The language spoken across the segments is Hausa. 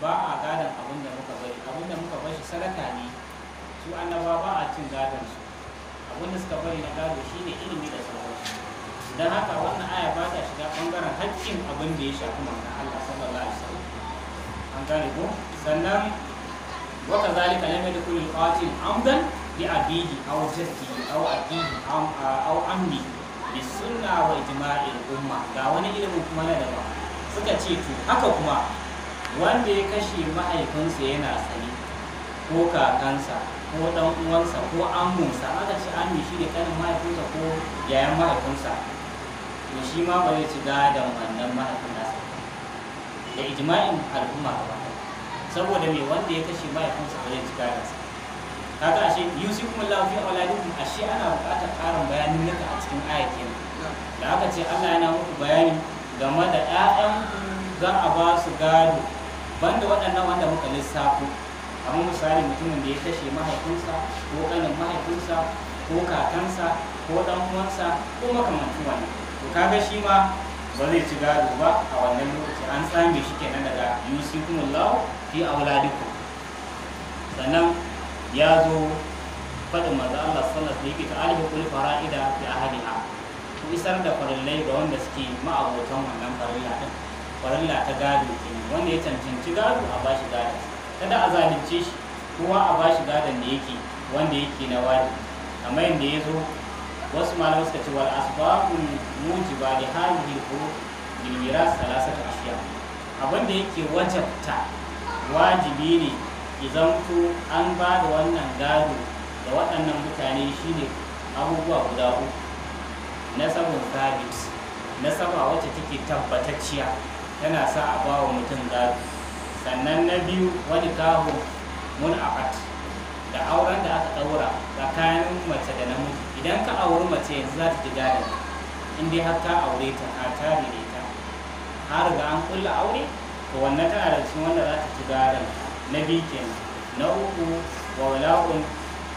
ba a gadon abin da muka bari abin da muka bari sadaka ne su annaba ba a cin gadon su abin da suka bari na gado shine ilimi da sauransu don haka wannan aya ba ta shiga bangaren haƙƙin abin da ya shafi manzon Allah sallallahu alaihi wasallam an gane ko sannan wa kazalika lam yadkhul al-qatil amdan bi abihi aw jaddihi aw abihi aw ammi bi sunna wa ijma'il umma ga wani ilimin kuma na daban suka ce to haka kuma wanda ya kashe mahaifinsa yana tsaye ko kakansa ko dan uwansa ko amunsa aka ce ami shi ne kanin mahaifinsa ko yayan mahaifinsa to shi ma ba zai ci gadon wannan mahaifin nasa da ijma'in al'umma ba saboda me wanda ya kashe mahaifinsa ba zai ci gadon sa kaga ashe yusikum lafi a auladikum ashe ana buƙatar ƙarin bayanin naka a cikin ayatin da aka ce Allah yana muku bayani game da 'ya'yan za a ba su gado banda waɗannan wanda muka lissafo kamar misali mutumin da ya kashe mahaifinsa ko ƙanin mahaifinsa ko kakansa ko ɗan uwansa ko makamancin wani to kaga shi ma ba zai ci gado ba a wannan lokaci an tsame shi kenan daga mullahu fi auladiku sannan ya zo faɗin manzo Allah sallallahu alaihi wasallam yake ta'alihu kul fara'ida bi ahliha ku isar da farillai ga wanda suke ma'abotan wannan farilla din farilla ta gado wanda ya cancanci gado a bashi gado kada a zalunce shi kowa a bashi gado da yake wanda yake na wani kamar yadda ya zo wasu malamai suka ce wal asbabu mujiba li hadhihi al-furud bil miras thalathatu ashiya abin da yake wajabta wajibi ne ku an ba da wannan gado da waɗannan mutane shine abubuwa guda uku na sabon sabit na sama wacce take tabbatacciya Tana sa a ba wa mutum gado. sannan na biyu wani kahu mun akat da auren da aka ɗaura tsakanin mace da namiji idan ka auri mace yanzu za ta ji in dai har ka aure ta ka tare da ta. har ga an kulla aure to wannan tana da cikin wanda za ta ji gado na biyu kenan na uku wa wala'un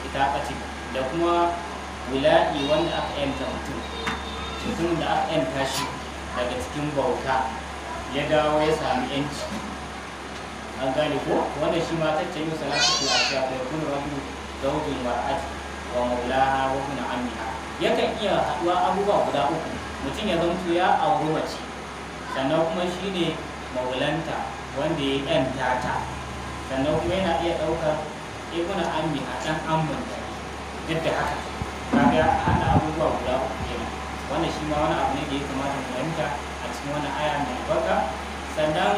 itaƙaci da kuma wula'i wanda aka yanta mutum mutum da aka yanta shi daga cikin bauta ya dawo ya sami yanci an gane ko wanda shi ma ta canyo salatu lafi a cewa bai kun rabu hukun wa'adi wa maulaha wa kuna amina yakan iya haɗuwa abubuwa guda uku mutum ya zanto ya auri mace sannan kuma shi ne maulanta wanda ya yanta ta sannan kuma yana iya ɗaukar ikuna ammi a ɗan ambanta duk da haka kaga hana abubuwa guda uku kenan wanda shi ma wani abu ne da ya kamata mu fahimta cikin wani aya mai baka sannan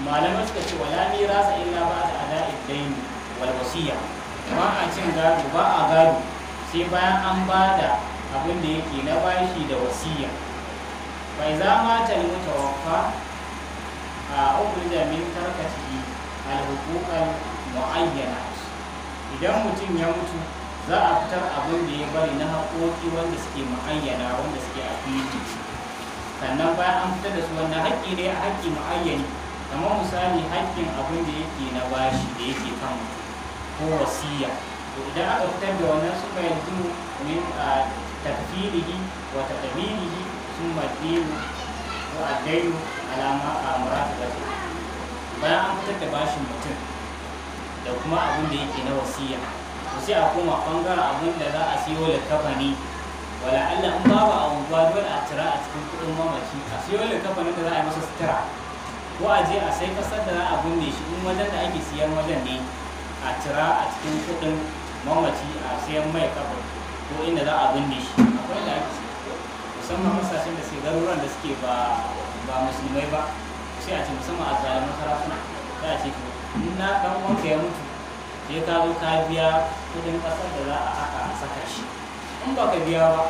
malaman suka ce wala ni rasa illa ba da ada idain wal wasiya ba a cin gado ba a gado sai bayan an ba da abin da yake na bashi da wasiya bai za ma ta yi mutawaffa a ukun da min tarkaci al mu'ayyana idan mutum ya mutu za a fitar abin da ya bari na haƙoƙi wanda suke mu'ayyana wanda suke a fili sannan bayan an fitar da su wannan haƙƙi ne a haƙƙi mu'ayyani kamar misali haƙƙin abin da yake na bashi da yake kan ko wasiya to idan aka fitar da wannan suka yanzu min a tafilihi wa sun summa ko a adayu alama a amrata da bayan an fitar da bashin mutum da kuma abin da yake na wasiya sai a koma bangaren abin da za a siyo likafani wala Allah in babu a unguwa dole a tira a cikin kuɗin mamaci a siyo likafanin da za a yi masa sutura ko a je a sai kasar da za a bunne shi in wajen da ake siyan wajen ne a tira a cikin kuɗin mamaci a siyan mai kafa ko inda za a binne shi akwai da ake musamman masashen da suke garuruwan da suke ba ba musulmai ba sai a ce musamman a zalimin sarakuna za a ce na ɗan wanka ya mutu sai ka zo ka biya kudin ƙasar da za a haka a saka shi in ba ka biya ba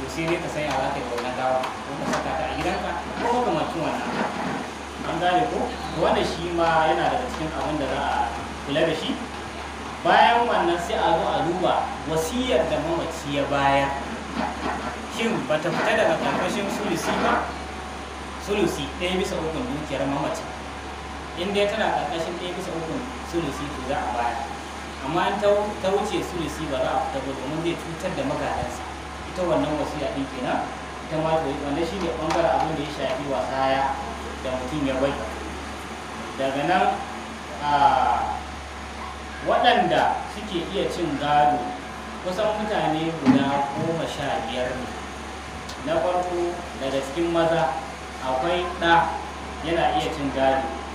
to sai dai ka sanya za ka yi wannan gawa ko ka saka ta a gidanka ko ka kamacin wannan an gane ko wanda shi ma yana daga cikin abin da za a kula da shi bayan wannan sai a zo a duba wasiyar da mamaci ya baya shin ba ta fita daga karkashin sulusi ba sulusi ɗaya bisa ukun dukiyar mamacin in dai tana karkashin ɗaya bisa ukun sulusi to za a baya amma in ta wuce sulusi ba za a fita ba domin zai cutar da magadansa ita wannan wasiya ɗin kenan ita ma wanda shi ne ɓangaren abin da ya shafi wasaya da mutum ya bai daga nan waɗanda suke iya cin gado kusan mutane guda goma sha biyar ne na farko daga cikin maza akwai ɗa yana iya cin gado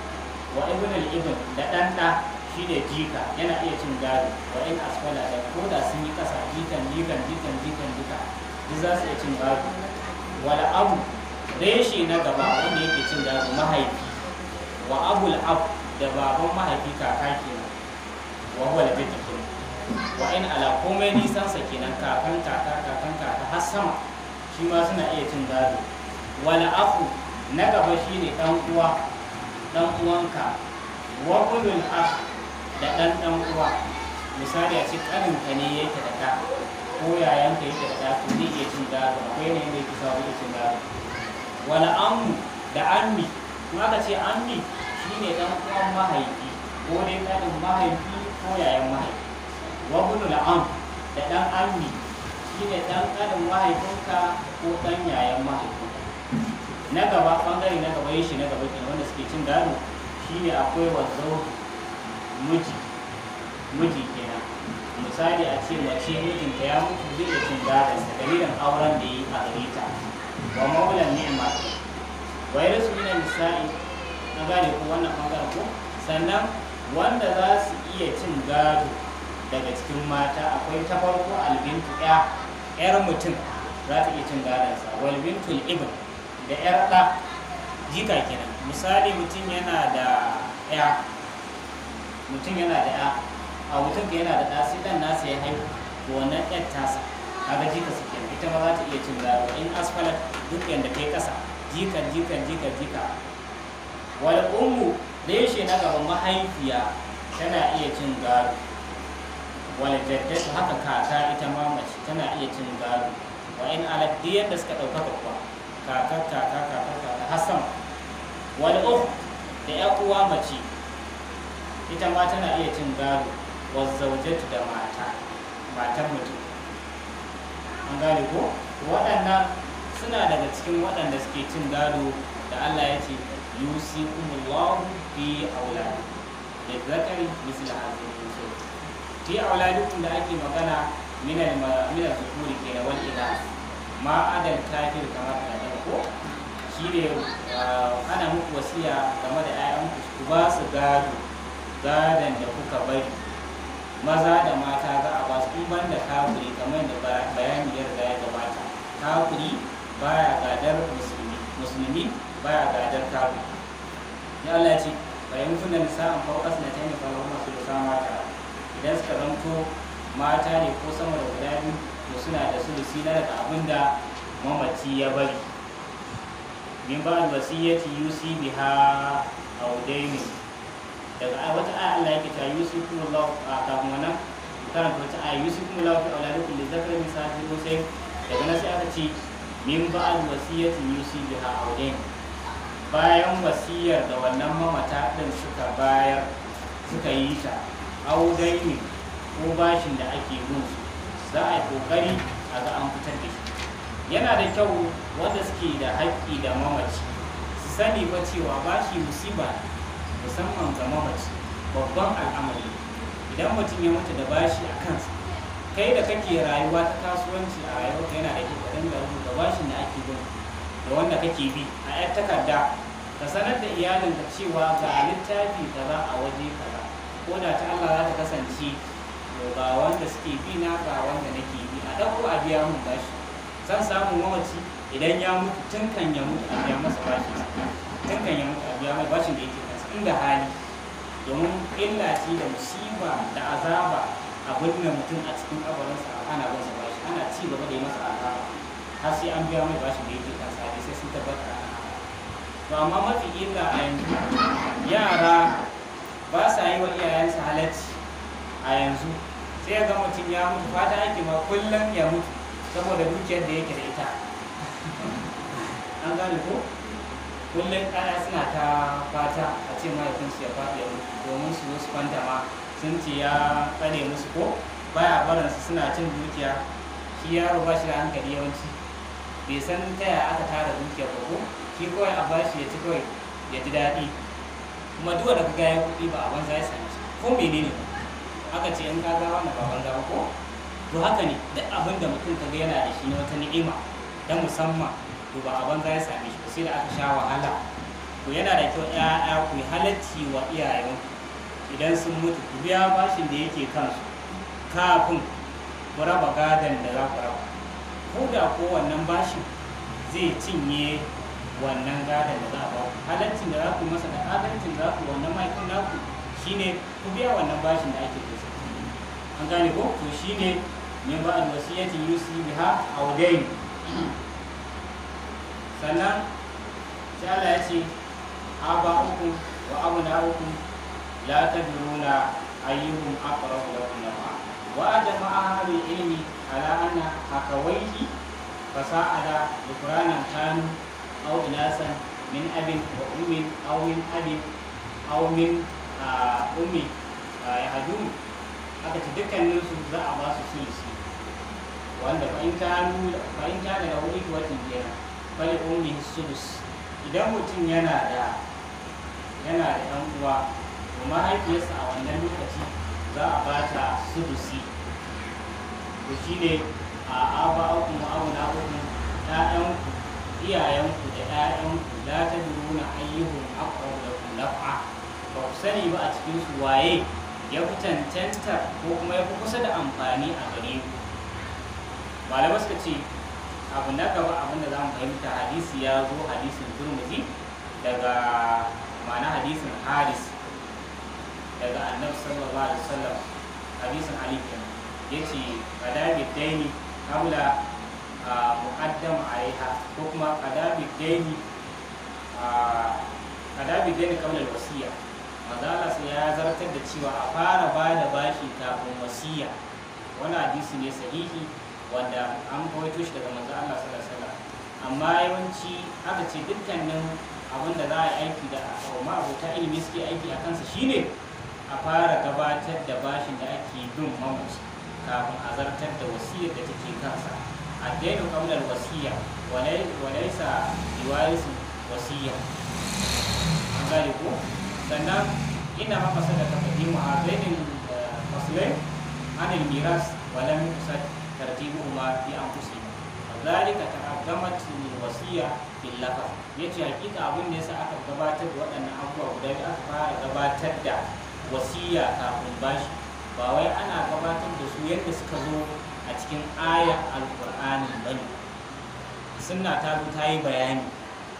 wa ibn al-ibn da dan da shine jika yana iya cin gado wa in asfala da ko da sun yi ƙasa jikan jikan jikan jikan jika duk za su iya cin gado wal abu reshe na gaba wanda yake cin gado mahaifi wa abul ab da baban mahaifi kaka kenan wa huwa al wa in ala komai nisansa sa kenan kakan kaka kakan kaka har sama shi ma suna iya cin gado wal akhu na gaba shi ne ɗan uwa dan uwanka wa ulul akh da dan dan uwa misali a ce kanin ka ne yake da ka ko yayan ka yake da ka to ni ke cin gado akwai ne yake ke samu yake cin gado wala ammu da ammi kuma aka ce ammi shine dan uwan mahaifi ko ne kanin mahaifi ko yayan mahaifi wa ulul am da dan ammi shine dan kanin mahaifinka ko dan yayan mahaifinka na gaba bangare na gaba yin shi na gaba kenan wanda suke cin gado ne akwai wanzo miji miji kenan misali a ce mace mijinta ya mutu zai da cin gado da dalilin auren da ya yi a gare ta wa maulan ma wa yarsu min nisa'i na gane ko wannan bangaren ko sannan wanda za su iya cin gado daga cikin mata akwai ta farko albintu ya yar mutum za ta iya cin gadon sa wal ibn da yar ɗa jika kenan misali mutum yana da ya mutum yana da ya a mutum ka yana da ɗa sai ɗan nasa ya haihu to wannan ɗan tasa kaga jika su kenan ita ba za ta iya cin zaro in asfalat duk yanda kai kasa jikan jikan jikan jika wal ummu yashe na gaba mahaifiya tana iya cin zaro wal jaddatu haka kaka ita ma mace tana iya cin zaro wa in alad da suka ɗaukaka kuwa kakar kaka kakar kaka hassan wal ukh da ya uwa mace ita ma tana iya cin gado wa zaujatu da mata matar mutum an gane ko waɗannan suna daga cikin waɗanda suke cin gado da Allah ya ce umullahu fi auladi da zakari misal hazin yusuf fi auladikum da ake magana min minal zukuri kenan wal ila ma adal kafir kamar da ko ne ah, ana muku wasiya game da 'ya'yanku ku ba su gado gadon da kuka bari maza da mata za a ba su in banda kafiri kamar da bayani ya riga ya gabata kafiri baya gadar musulmi musulmi baya gadar kafiri ya Allah ce bayan kuna nisa'an fawqas na tani masu da sa mata idan suka zanto mata ne ko sama da guda biyu to suna da sulusi na daga abinda mamaci ya bari min ba wasiyati yusi biha aw dayni daga wata aya Allah yake ta yusi kullahu a kafin wannan karanta wata aya yusi kullahu fi auladikum li zakari min sa'ati sai daga nan sai aka ce min ba wasiyati yusi biha aw dayni bayan wasiyar da wannan mamata din suka bayar suka yi ta aw dayni ko bashin da ake yi musu za a yi kokari a ga an fitar da shi yana da kyau wanda suke da haƙƙi da mamaci su sani ba cewa bashi musiba musamman ga mamaci babban al'amari idan mutum ya mutu da bashi a kansa kai da kake rayuwa ta kasuwanci a rayuwa yana da kyau dinga da bashin da ake bin da wanda kake bi a yar takarda ka sanar da iyalin iyalinka cewa ga littafi kaza a waje kaza ko da ta Allah za ta kasance Ba wanda suke bi na ga wanda nake bi a ɗauko a biya mun bashi zan samu mawaci idan ya mutu tun kan ya mutu a biya masa bashin tun kan ya mutu a biya masa bashin da yake kansa inda hali domin illa ce da musiba da azaba a gudun mutum a cikin kabarinsa ana bin sa bashi ana ci gaba da yi masa azaba har sai an biya mai bashin da yake kansa sai sun tabbata to amma mafi illa a yanzu yara ba sa yi wa iyayensa halacci a yanzu sai ga mutum ya mutu fata ake ma kullum ya mutu saboda dukiyar da yake da ita an gane ko kullum ɗaya suna ta fata a ce su ya faɗi ya domin su wasu kwanta ma sun ce ya tsare musu ko baya su suna cin dukiya shi yaro ba shi da hankali yawanci bai san ta yaya aka tara dukiya ba ko shi kawai a bashi ya ci kawai ya ji daɗi kuma duk wanda ya kuɗi ba a banza ya ko menene aka ce in ka gawa na ba banza ko to haka ne duk abin da mutum ka yana da shi na wata ni'ima ta musamman to ba a banza ya same shi sai da aka sha wahala to yana da kyau ya'ya ku yi halacci wa iyayenku idan sun mutu ku biya bashin da yake kansu kafin ku raba gadon da za ku raba ko da ko wannan bashin zai cinye wannan gadon da za a ba da za ku masa da adalcin za ku wannan maikin naku shine ku biya wannan bashin da ake kusa an gane ko to shine min ba alwasiyati yusi biha aw dayn sannan sai Allah ya ce aba uku wa abuna uku la tadruna ayyuhum aqrabu lakum nafa wa ajma ahli ilmi ala anna hakawaihi fasa'ada bi a kanu aw inasan min abin wa ummin aw min abin aw min ah, ummi ah, ya hadu aka ce dukkaninsu za a ba su sulisi wanda in nuna ba in daga wuri wani tuwati biya idan mutum yana da yana da ɗan uwa to mahaifiyarsa a wannan lokaci za a ba ta to shine a aba abu na uku ɗayanku iyayenku da ɗayanku za ta nuna ayyuhun aqrabu da naf'a ba ku sani ba a cikin su waye ya fi tantar. ko kuma ya fi kusa da amfani a gare ku malama suka ce abu na gaba abin da za mu fahimta hadisi ya zo hadisin turmuzi daga ma'ana hadisin haris daga annabi sallallahu alaihi wasallam hadisin ali kenan yace qadabi daini qabla muqaddam alaiha ko kuma qadabi daini qadabi daini qabla wasiya mazala sai ya zartar da cewa a fara bada bashi kafin wasiya wani hadisi ne sahihi wanda an rawaito shi daga manzo Allah sallallahu alaihi wasallam amma yawanci aka ce dukkanin abin da za a yi aiki da ma abota ilimi suke aiki a kansa shine a fara gabatar da bashin da ake bin mamaci kafin a zartar da wasiyar da take kansa daina qawlal wasiya wa sa biwarisu wasiya an gane ko sannan ina ma masa da tafadimu a bainin eh, fasilai anil miras walai musa tarjibuhuma fi anfusihim zalika taqaddamat min wasiya bil lafaz yace hakika abin da yasa aka gabatar da waɗannan abubuwa guda biyu aka fara gabatar da wasiya kafin bashi ba wai ana gabatar da su yadda suka zo a cikin ayar alqur'ani bane sunna ta zo ta yi bayani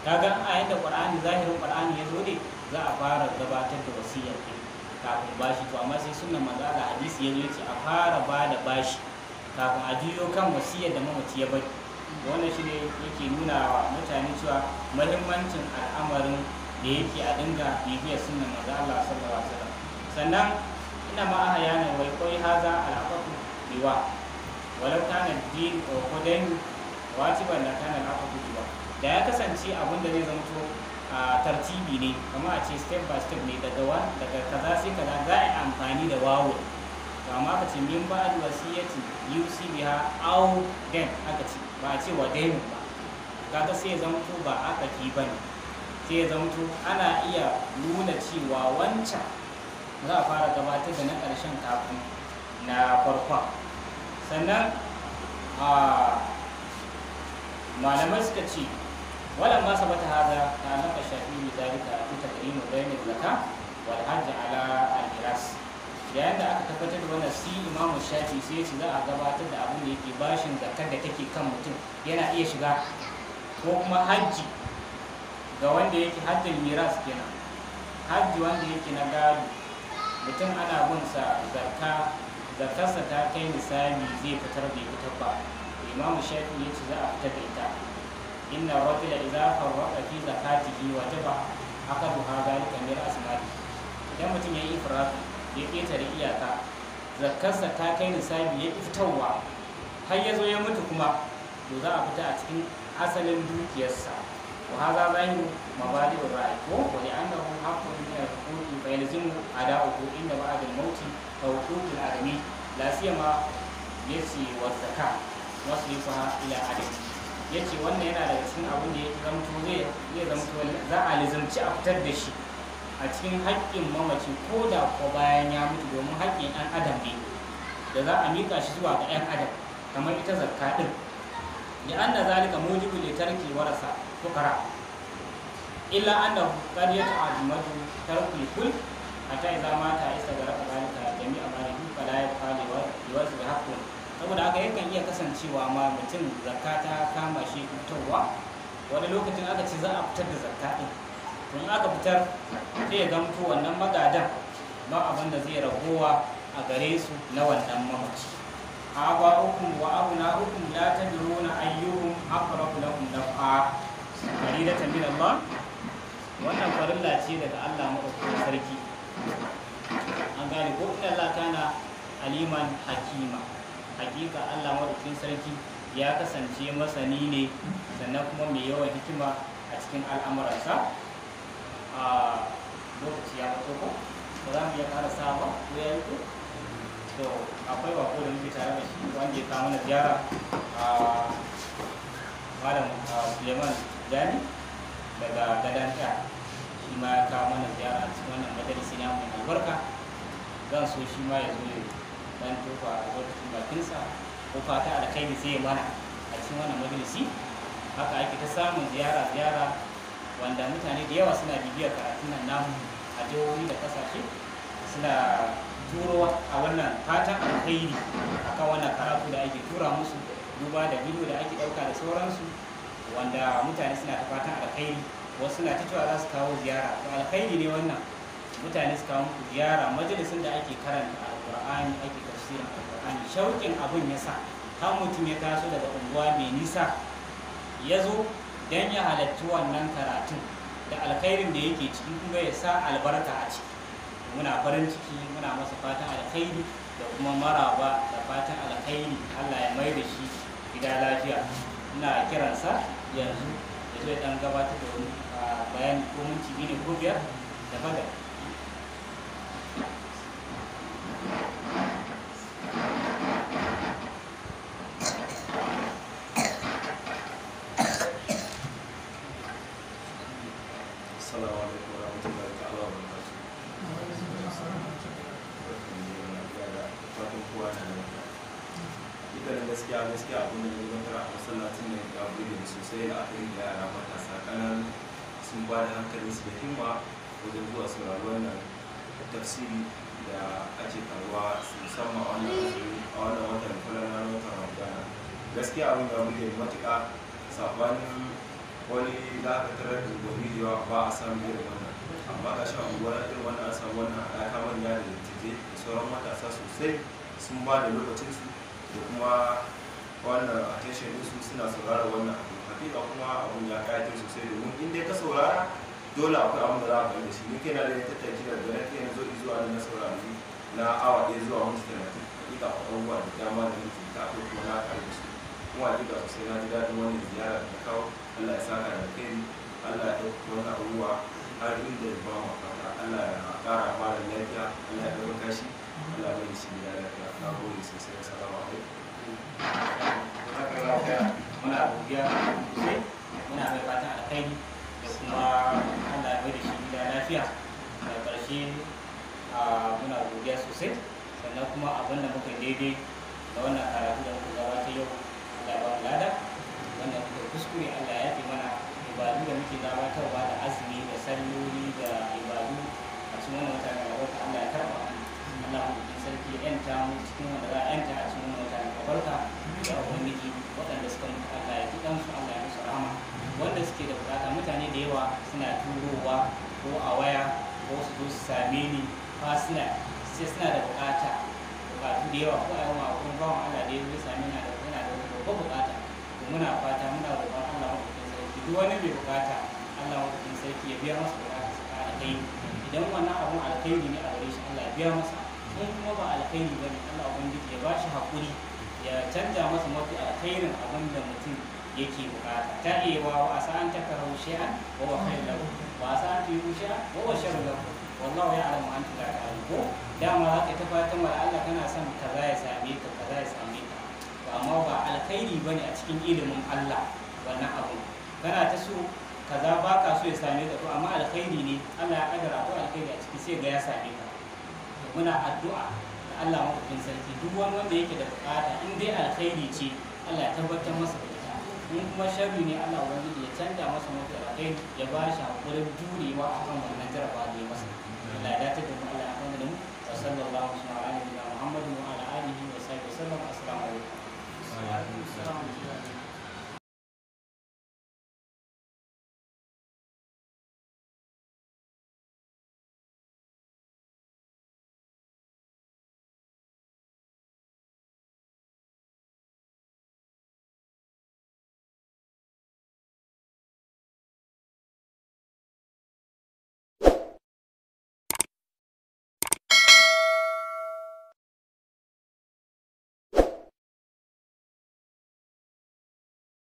kaga ayar da qur'ani zahirin qur'ani ya zo ne za a fara gabatar da wasiyar kafin bashi to amma sai sunnan manzo Allah hadisi ya zo yace a fara ba da bashi kafin a juyo kan wasiyar da mamaci ya bari wannan shi ne yake nuna wa mutane cewa mahimmancin al'amarin da yake a dinga bibiyar sunan maza Allah sallallahu alaihi wasallam sannan ina ma aha yana wai koi haza al'aqatu biwa walau kana din ko kodan wajiban da kana al'aqatu biwa da ya kasance abin da zai zanto a tartibi ne kuma a ce step by step ne daga daga kaza sai kaza za a amfani da wawo to amma ka ce min ba wasiyati yusi biha au den aka ce ba a ce wa dainu ba kaga sai zamto ba aka ki bane sai zamto ana iya nuna cewa wancan za a fara gabatar da na ƙarshen kafin na farkon sannan a malamai suka ce Wannan masa bata hada ta naka shafi ne zalika fi takrimu bayan zakka wal hajj ala al-miras yayin da aka tabbatar da wannan si imamu shafi sai ya ce za a gabatar da abin da yake bashin zakar da take kan mutum yana iya shiga ko kuma hajji ga wanda yake hajjin miras kenan hajji wanda yake na gado mutum ana sa zarka zakkarsa ta kai misali zai fitar bai fitar ba imamu shafi ya ce za a fitar da ita inna rajula idza farraqa fi zakatihi wajaba aka duha zalika miras mali idan mutum ya yi farafin. ya ƙetare iyaka zakarsa ta kai nisabi ya fitowa. har ya zo ya mutu kuma to za a fita a cikin asalin dukiyarsa wa haza zahiru mabadi wa ra'i ko wa li annahu haqqun min al da fa yalzimu ada'uhu inda ba'd al-maut fa huququl adami la siyama yasi wa zakat wasrifaha ila adam yace wannan yana daga cikin abin da ya zamto zai zamto za a lizimci a fitar da shi a cikin haƙƙin mamaci ko da ko bayan ya mutu domin haƙƙin ɗan adam ne da za a miƙa shi zuwa ga ɗan adam kamar ita zakka ɗin da an da zalika mujibu ne tarki warasa fukara illa an da kar ya ta'azzumatu tarkul kul ta idza mata istaghraqa zalika jami'a malihi fala yabqa li wasu bi haqqin saboda haka yakan iya kasancewa ma mutum zakka ta kama shi fitowa wani lokacin aka ce za a fitar da zakka ɗin in aka fitar ya gamto wannan magadan ba abin da zai ragowa a gare su na wannan mamaci ba hukum wa abuna hukum la tadruna da aqrabu lakum dafa da min ba. wannan farilla ce daga Allah madaukakin sarki an gane ko ina Allah na aliman hakima hakika Allah madaukakin sarki ya kasance masani ne sannan kuma mai yawan hikima a cikin al'amuransa lokaci ya fito ko ba za mu iya ƙara sa ba ko ya yi ko to akwai wako da muke tare da shi wanda ya kawo mana ziyara a malam suleiman jani daga gadan ta shi ma ya kawo mana ziyara a cikin wannan majalisi na mai albarka zan so shi ma ya zo ne dan tofa albarkacin bakinsa ko fata alkhairi sai ya mana a cikin wannan majalisi haka ake ta samun ziyara ziyara wanda mutane da yawa suna bibiyar karatun nan namu a jihohi da kasashe suna turo a wannan fatan alkhairi kan wannan karatu da ake tura musu duba da bidiyo da ake ɗauka da sauransu wanda mutane suna ta fatan alkhairi wasu na ta cewa za su kawo ziyara to alkhairi ne wannan mutane su kawo muku ziyara Majalisun da ake karanta alkur'ani ake tafsirin alkur'ani shauƙin abin ya sa kan mutum ya taso daga unguwa mai nisa ya zo don ya halarci wannan karatun da alkhairin da yake ciki kuma ya sa albarka a ciki muna farin ciki muna masa fatan alkhairi da kuma maraba da fatan alkhairi Allah ya mai da shi gida lafiya ina kiransa yanzu da zo ya dan gabatar da wani ah, bayan ko minti biyu ne ko biyar da fadar ba da hankali su da himma wajen zuwa sauraron wannan tafsiri da ake karuwa musamman a wannan watan falala na watan ramadana gaskiya abin da muke matuƙa sabanin wani za ka tarar da gobe yawa ba a samun biyar wannan amma ga shi na irin wannan an samu wannan ta manya da dattijai da sauran matasa sosai sun ba da lokacinsu da kuma wannan attention su suna saurara wannan hakika kuma abun ya kayatar sosai domin in dai ka saurara dole akwai abin da za a fahimta shi ni kai na da ya tattaki da gane kai na zo zuwa na saurari na awa ɗaya zuwa mun na minti talatin kuma abubuwa da dama da nake ta ko kuma na kare su kuma hakika sosai na ji daɗin wani ziyara da kawo Allah ya saka da kai Allah ya ɗauki wani abubuwa har inda ya ba mu fata Allah ya ƙara fara lafiya Allah ya ɗauka shi Allah ya yi shi da lafiya na gode sosai da assalamu alaikum muna godiya sosai muna mai fatan alkhairi da kuma Allah mai da shi gida lafiya da ƙarshe muna godiya sosai sannan kuma abin da muka daidai da wannan karatu da muka gabata yau da ba lada wannan muka kuskure Allah ya fi mana ibadu da muke gabatarwa da azumi da sanyoyi da ibadu a cikin wannan wata da Allah ya karɓa Allah mai sarki yan ta mu cikin wanda za a yan ta a cikin wanda ta barka da ubangiji waɗanda suka mutu Allah ya tuɗan su Allah ya musu rahama wanda suke da bukata mutane da yawa suna turowa ko a waya ko su zo su same ni fasila sai suna da bukata bukatu da yawa ko a yawan akwai bawan Allah da ya zo same ni da yana da babbar bukata muna fata muna roƙon Allah mabukin sarki duk wani mai bukata Allah mabukin sarki ya biya masa bukata su kai idan wannan abun alkhairi ne a gare shi Allah ya biya masa in kuma ba alkhairi bane Allah ubangiji ya bashi hakuri ya canja masa mafi alkhairin abin da mutum yake bukata ta iya wa asa an takarahu shay'an wa huwa khairun lahu wa an tuyu shay'an wa huwa sharrun lahu wallahu ya'lamu antum la ta'lamun ko dama ta fatan wa Allah kana son kaza ya same ka kaza ya same ka to amma ba alkhairi bane a cikin ilimin Allah wannan abu kana ta so kaza baka so ya same ka to amma alkhairi ne Allah ya kadara ko alkhairi a cikin sai ga ya same ka muna addu'a da Allah mabukin sarki duk wani wanda yake da bukata in dai alkhairi ce Allah ya tabbatar masa da ita in kuma sharri ne Allah wani ya canza masa mutu alkhairi ya ba shi hakurin jurewa akan wannan jarabawa da